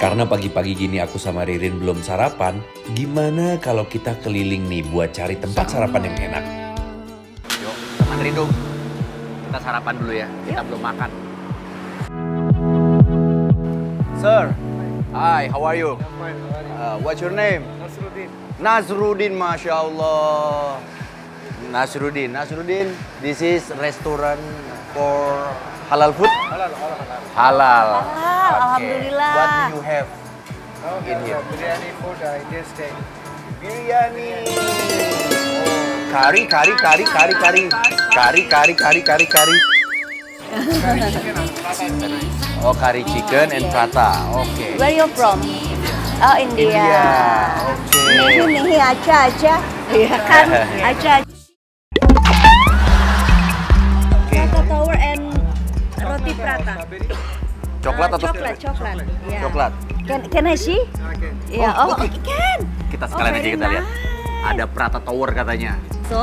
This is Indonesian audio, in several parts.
Karena pagi-pagi gini aku sama Ririn belum sarapan, gimana kalau kita keliling nih buat cari tempat sarapan yang enak? Yuk, teman Rindu, kita sarapan dulu ya. Kita Yuk. Iya. belum makan. Sir, hi, how are you? how are you? Uh, what's your name? Nasruddin. Nasruddin, Masya Allah. Nasruddin, Nasruddin, this is restaurant for halal food? Halal, halal. Halal. halal okay. Alhamdulillah. What do you have oh, in here? Biryani food, uh, ah, Indian steak. Biryani. Kari, kari, kari, kari, kari, kari, kari, kari, kari, kari. Ah, kan, ah. Oh, kari chicken and prata. Oke. Okay. Where you from? Oh, India. India. Oke. Okay. Ini, ini, aja, aja. Iya, Kan, aja, aja. Coklat ah, atau coklat, coklat. Coklat. Iya. Yeah. coklat. Can, can I see? Okay. Iya, oh, oh can. Kita sekalian oh, aja kita lihat. Ada Prata Tower katanya. So,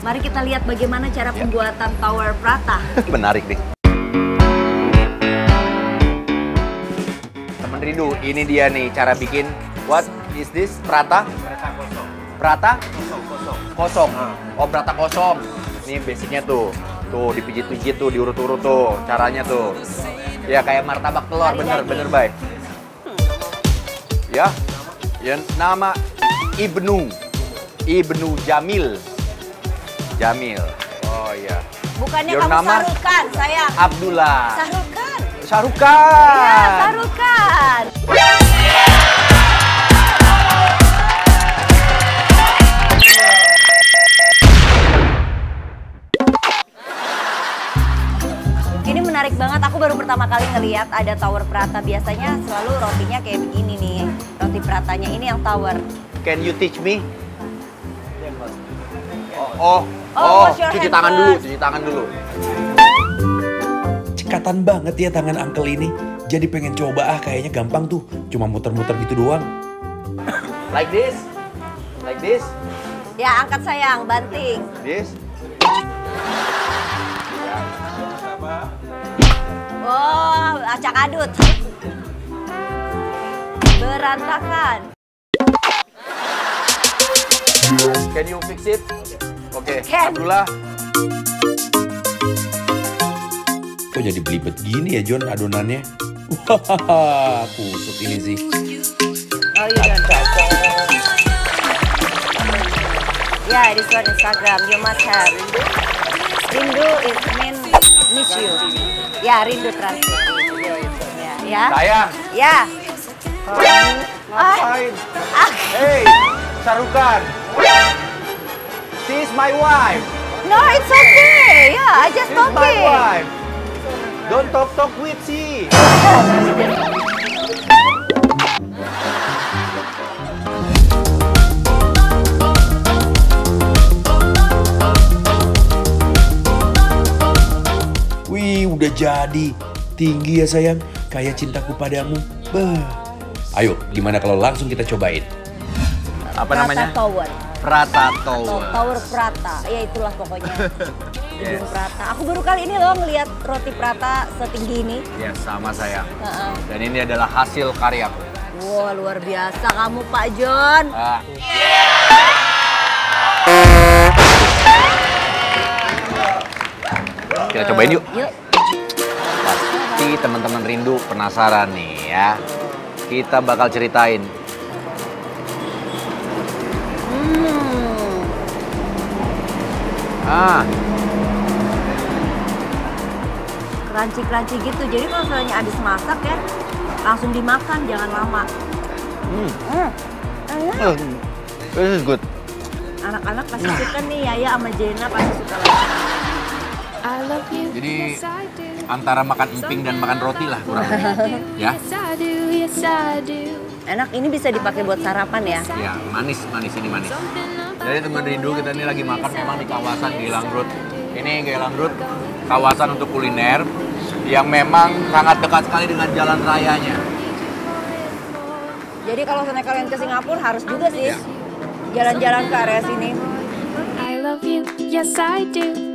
mari kita lihat bagaimana cara ya. pembuatan Tower Prata. Menarik nih. Teman Rindu, ini dia nih cara bikin what is this? Prata? Prata kosong. Prata? Kosong, kosong. Kosong. Ah. Oh, Prata kosong. Ini basicnya tuh. Tuh dipijit-pijit tuh, diurut-urut tuh caranya tuh. Ya kayak martabak telur, bener, bener baik. Ya, yang nama Ibnu, Ibnu Jamil, Jamil. Oh ya Bukannya Your kamu nama? Sarukan, saya Abdullah. Sarukan. Sarukan. Ya, Sarukan. baru pertama kali ngelihat ada tower prata. Biasanya selalu rotinya kayak begini nih. Roti pratanya ini yang tower. Can you teach me? Oh, oh, oh, oh cuci tangan first. dulu, cuci tangan dulu. Cekatan banget ya tangan uncle ini. Jadi pengen coba ah kayaknya gampang tuh. Cuma muter-muter gitu doang. Like this. Like this. Ya, angkat sayang, banting. This. Oh, acak adut. Berantakan. Can you fix it? Oke, okay. Okay. Abdullah. Kok jadi belibet gini ya John adonannya? Wah, kusut ini sih. Oh, you don't Yeah, this one Instagram. You must have. Rindu it means miss you. Ya, rindu transit. Ya, ya. Sayang. Ya. Sayang, ngapain? Ah. ah. Hey, sarukan. She's my wife. No, it's okay. Yeah, I just She's talking. my wife. Don't talk talk with she. Jadi Tinggi ya sayang, kayak cintaku padamu. Bah. Ayo, gimana kalau langsung kita cobain? Apa Prata namanya? Tower. Prata Tower. tower Prata, ya itulah pokoknya. yes. Prata. Aku baru kali ini loh ngeliat roti Prata setinggi ini. Ya, yes, sama saya. Uh -uh. Dan ini adalah hasil karyaku. Wah, wow, luar biasa kamu Pak John. Uh. Yeah. Iya. Kita cobain yuk. Yuk teman-teman rindu penasaran nih ya. Kita bakal ceritain. Hmm. Ah. Crunchy-crunchy gitu. Jadi kalau soalnya habis masak ya, langsung dimakan, jangan lama. Hmm. Mm. Enak. Hmm. This is good. Anak-anak pasti suka nih, Yaya sama Jena pasti suka lagi. Jadi antara makan emping dan makan roti lah kurang lebih. ya. Enak, ini bisa dipakai buat sarapan ya? Ya, manis, manis ini manis. Jadi teman rindu kita ini lagi makan memang di kawasan Gilang Road. Ini Gilang Road kawasan untuk kuliner yang memang sangat dekat sekali dengan jalan rayanya. Jadi kalau sana kalian ke Singapura harus juga sih ya. jalan-jalan ya. ke area sini. I love you, yes I do.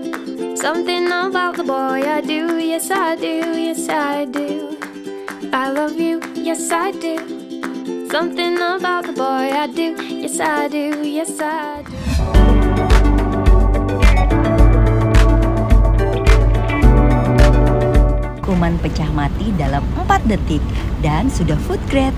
Something about the boy I do, yes I do, yes I do. I love you, yes I do. Something about the boy I do, yes I do, yes I do. Kuman pecah mati dalam 4 detik dan sudah food grade.